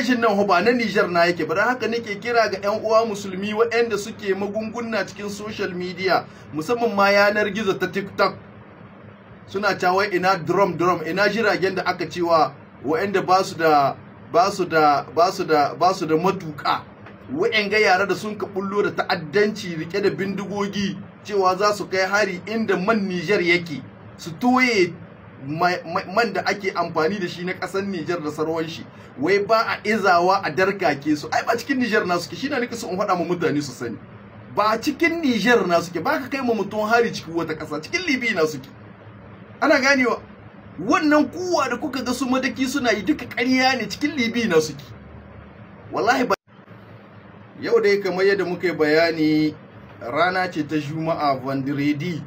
bashin nan ba na Nijar na yake ba haka nake kira ga 'yan uwa musulmi waɗanda suke magunguna cikin social media musamman ma yanar gizo ta TikTok suna cewa ina drum drum ina jiragen da aka cewa waɗanda ba su da ba su da ba su da ba su da matuƙa waɗanda yara da sun ka bullo da ta'addanci rike da bindigogi cewa za su kai hari inda man Nijar yake su toye man da ake amfani da shi na ƙasar Nijar da sarwan shi wai ba a izawa a darkake su ai ba cikin Nijar na suke na nika su in faɗa ma mutane su sani ba cikin Nijar na suke ba ka kai ma mutum hari cikin wata ƙasa cikin Libya na suke ana ganewa wannan kuwa da kuka ga su madaki suna yi duka ƙarya ne cikin Libya na suke wallahi ba yau dai kamar yadda muka yi bayani rana ce ta Juma'a Vendredi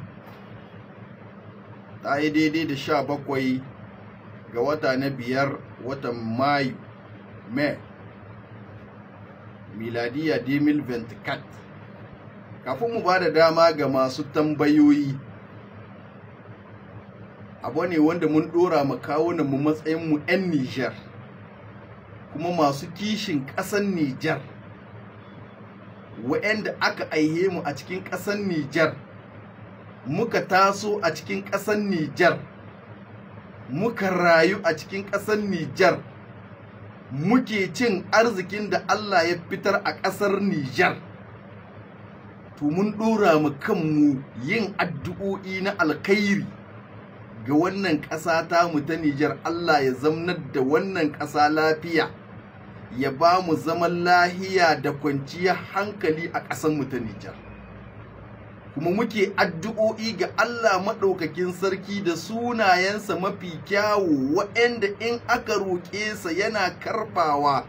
ta yi daidai da sha bakwai ga wata na biyar watan mayu mai miladiya 2024 kafin mu ba da dama ga masu tambayoyi abu ne wanda mun dora mu kawo na mu matsayin mu 'yan Nijar kuma masu kishin ƙasan Nijar wa'anda aka aihe mu a cikin ƙasar Nijar muka taso a cikin ƙasar Nijar muka rayu a cikin ƙasar Nijar muke cin arzikin da Allah ya fitar a ƙasar Nijar to mun ɗora mu kanmu yin addu'o'i na alkhairi ga wannan ƙasa ta mu ta Nijar Allah ya zamnar da wannan ƙasa lafiya ya ba mu zaman lahiya da kwanciyar hankali a ƙasar mu ta Nijar kuma muke addu'o'i ga Allah maɗaukakin sarki da sunayensa mafi kyawu waanda in aka roƙe sa yana karɓawa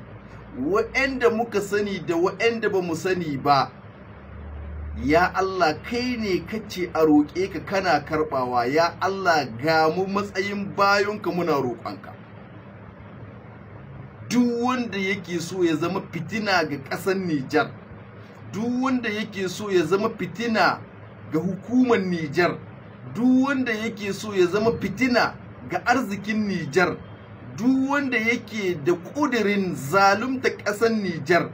wa'anda muka sani da wa'anda ba mu sani ba ya Allah kai ne kace a roƙe ka kana karɓawa ya Allah ga mu matsayin bayonka muna roƙonka duk wanda yake so ya zama fitina ga ƙasar Nijar duk wanda yake so ya zama fitina ga hukumar Nijar duk wanda yake so ya zama fitina ga arzikin Nijar duk wanda yake da ƙudirin zalunta ƙasar Nijar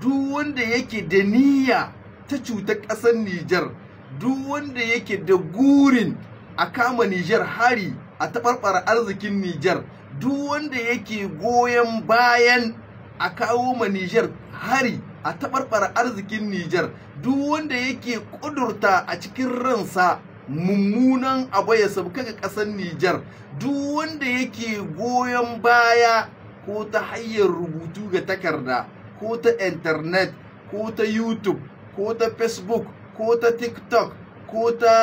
duk wanda yake da niyya ta cuta ƙasar Nijar duk wanda yake da gurin a kama Nijar hari a taɓarɓara arzikin Nijar duk wanda yake goyon bayan a kawo ma Nijar hari a tabarbara arzikin Nijar duk wanda yake ƙudurta a cikin ransa mummunan abu ya sauka ga ƙasar Nijar duk wanda yake goyon baya ko ta hanyar rubutu ga takarda ko ta internet ko ta YouTube ko ta Facebook ko ta TikTok ko ta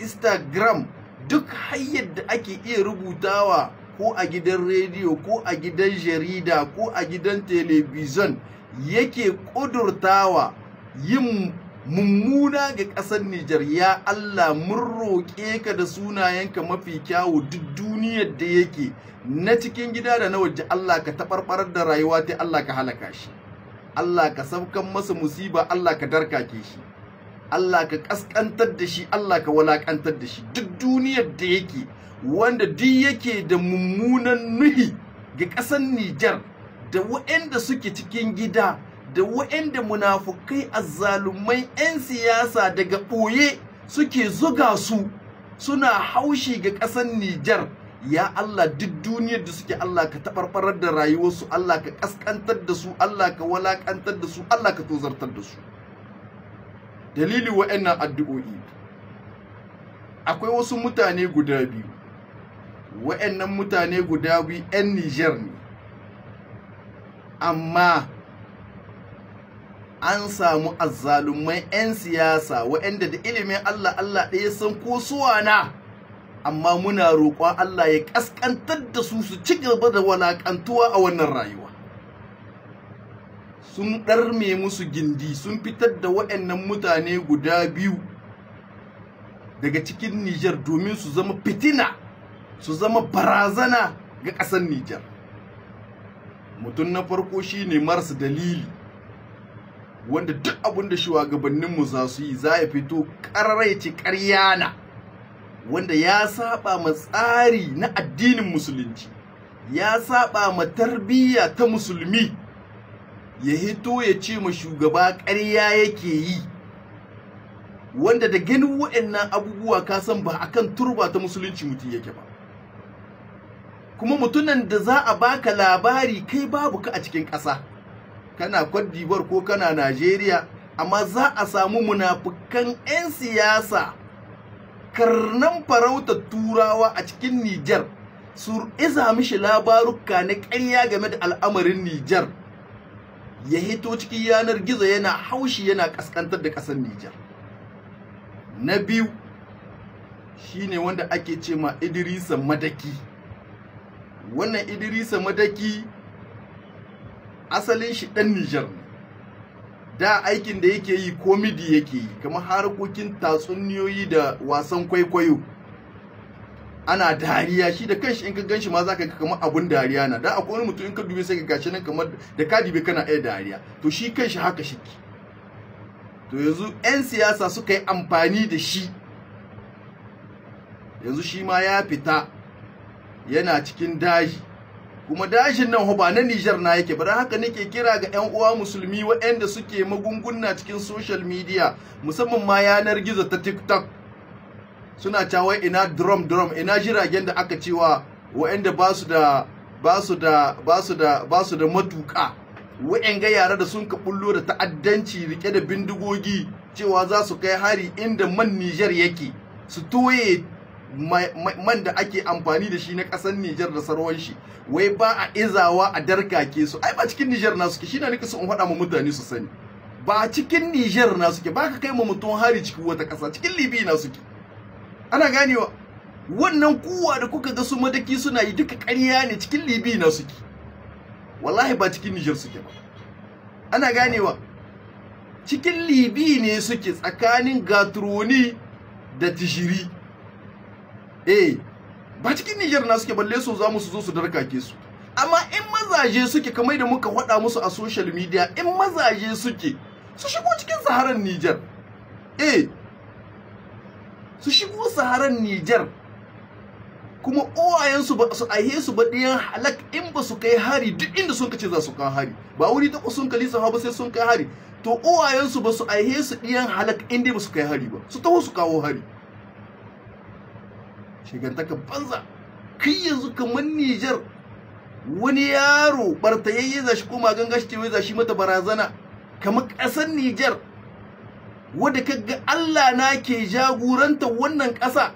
Instagram duk hanyar da ake iya rubutawa ko a gidan rediyo ko a gidan jarida ko a gidan telebizon yake ƙudurtawa yin mummuna ga ƙasar Nijar ya Allah mun roƙe ka da sunayenka mafi kyawu duk duniyar da yake na cikin gida da na waje Allah ka taɓarɓarar da rayuwa ta Allah ka halaka shi Allah ka saukan masa musiba Allah ka ke shi Allah ka ƙasƙantar da shi Allah ka walaƙantar da shi duk duniyar da yake wanda duk yake da mummunan nuhi ga ƙasar Nijar da waɗanda suke cikin gida da waɗanda munafukai azzalumai 'yan siyasa daga ɓoye suke zuga su suna haushi ga ƙasar Nijar ya Allah duk duniyar da suke Allah ka taɓarɓarar da rayuwarsu Allah ka ƙasƙantar da su Allah ka walaƙantar da su Allah ka tozartar da su dalili waɗannan addu'o'i akwai wasu mutane guda biyu Wa'annan mutane guda biyu 'yan Nijar ne amma an samu azzalumai 'yan siyasa waɗanda da ilimin Allah Allah ɗaya san ko na amma muna roƙon Allah ya ƙasƙantar da su su ci gaba da walaƙantuwa a wannan rayuwa sun ɗarme musu gindi sun fitar da waɗannan mutane guda biyu daga cikin Nijar domin su zama fitina su zama barazana ga ƙasar Nijar. mutum na farko shi ne marasa dalili wanda duk abin da shugabanninmu za su yi za ya fito ƙararaici ƙaryana wanda ya saba ma tsari na addinin musulunci ya saba ma tarbiyya ta musulmi ya hito ya ce ma shugaba ƙarya yake yi wanda da ganin waɗannan abubuwa ka san ba akan turba ta musulunci mutum yake ba kuma mutunan da za a baka labari kai babu ka a cikin ƙasa kana kwadibar ko kana najeriya amma za a samu munafukan 'yan siyasa karnan farautar turawa a cikin nijar su iza mishi labaruka na ƙarya game da al'amarin nijar ya hito cikin yanar gizo yana haushi yana ƙasƙantar da ƙasar nijar na biyu shine wanda ake ce ma idrisa madaki wannan Idirisa madaki asalin shi ɗan nijar da aikin da yake yi komidi yake yi kamar harkokin tatsuniyoyi da wasan kwaikwayo ana dariya shi da kanshi in ka ganshi ma ka ga kamar abun dariya na da akwai wani mutum in ka dubi sai ka gashi nan kamar da ka dube kana iya dariya to shi kanshi haka shi to yanzu 'yan siyasa suka yi amfani da shi yanzu shi ma ya fita yana cikin daji kuma dajin nan ba na Nijar na yake bari haka nake kira ga ƴan uwa musulmi waɗanda suke magunguna cikin social media musamman ma yanar gizo ta TikTok suna cewa ina drum drum ina jiragen da aka cewa waɗanda ba su da ba su da ba su da ba su da matuƙa ga yara da sun ka da ta'addanci rike da bindigogi cewa za su kai hari inda man Nijar yake su toye man da ake amfani da shi na ƙasar Nijar da sarwan shi wai ba a izawa a darkake su ai ba cikin Nijar na suke shi na nika so in faɗa ma mutane su sani ba cikin Nijar na suke ba ka kai ma mutum hari cikin wata ƙasa cikin Libya na suke ana ganewa wannan kuwa da kuka ga su madaki suna yi duka ƙarya ne cikin Libya na suke wallahi ba cikin Nijar suke ba ana ganewa cikin Libya ne suke tsakanin Gatroni da Tijiri eh ba cikin Niger na suke balle su za mu su zo su ke su amma in mazaje suke kamar da muka wada musu a social media in mazaje suke su shigo cikin saharan Niger eh su shigo saharan Niger kuma su ba su aihe su ba ɗiyan halak in ba su kai hari duk inda sun kace za su kai hari ba wuri ta sun kali su ba sai sun kai hari to su ba su aihe su ɗiyan halak in dai ba su kai hari ba su taho su kawo hari shigantaka banza kai yanzu kamar Nijar wani yaro bartayayye zashi shi koma ganga shi tewe zashi mata barazana kamar ƙasar Nijar wadda kaga Allah na ke jagoranta wannan ƙasa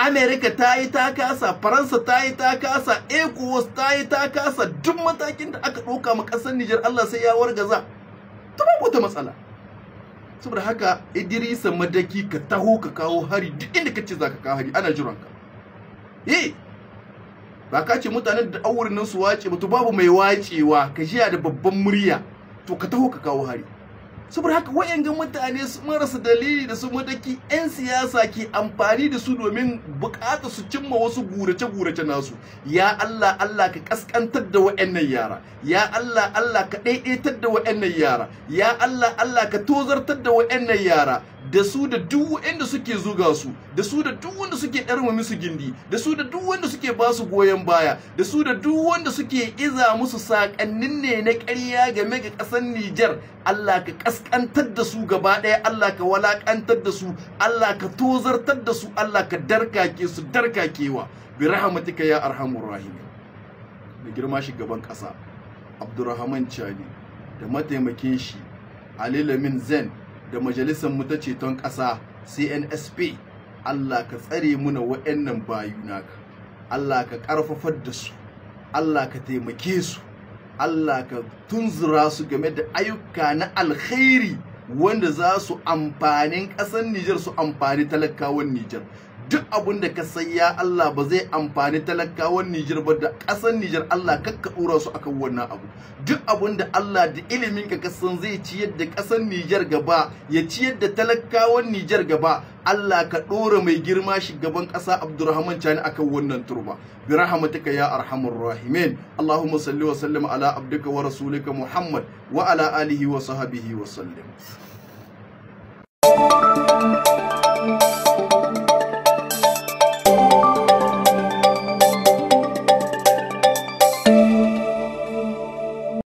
Amerika ta yi ta kasa, Faransa ta yi ta kasa, ECOWAS ta yi ta kasa, duk matakin da aka ɗauka ma ƙasar Nijar Allah sai ya wargaza. Ta babu wata matsala. saboda haka Idrisa madaki ka taho ka kawo hari duk inda kace zaka kawo hari ana jiran ka eh ba ka ce mutanen da awurin nan su wace ba to babu mai wacewa ka jiya da babban murya to ka taho ka kawo hari saboda haka wayangan mutane su marasa dalili da su madaki 'yan siyasa ke amfani da su domin bukata su cimma wasu gurace-gurace nasu ya Allah Allah ka kaskantar da nan yara ya Allah Allah ka daidaitar da nan yara ya Allah Allah ka tozartar da nan yara da su da duk wanda suke zuga su da su da duk wanda suke ɗarma musu gindi da su da duk wanda suke ba su goyon baya da su da duk wanda suke iza musu sakannin ne na ƙarya game ga ƙasar Nijar Allah ka kaskantar da su gaba ɗaya Allah ka walakantar da su Allah ka tozartar da su Allah ka darkake su darkakewa bi rahmatika ya arhamur rahim da girma shugaban ƙasa Abdurrahman Chani da mataimakin shi alilamin Zain da majalisar mu ta ceton ƙasa CNSP Allah ka tsare muna wa'annan bayu naka Allah ka ƙarfafar da su Allah ka taimake su Allah ka tunzura su game da ayyuka na alkhairi wanda za su amfanin ƙasar Nijar su amfani talakawan Nijar duk abun da ka sai ya Allah ba zai amfani talakawan Nijar ba da ƙasar Nijar Allah kakka ɗora su akan wannan abu duk abun da Allah da ilimin ka kasan zai ciyar da ƙasar Nijar gaba ya ciyar da talakawan Nijar gaba Allah ka ɗora mai girma shi shugaban ƙasa Abdurrahman Chani akan wannan turba bi rahmatika ya arhamar rahimin Allahumma salli wa sallim ala abdika wa rasulika Muhammad wa ala alihi wa sahbihi wa sallim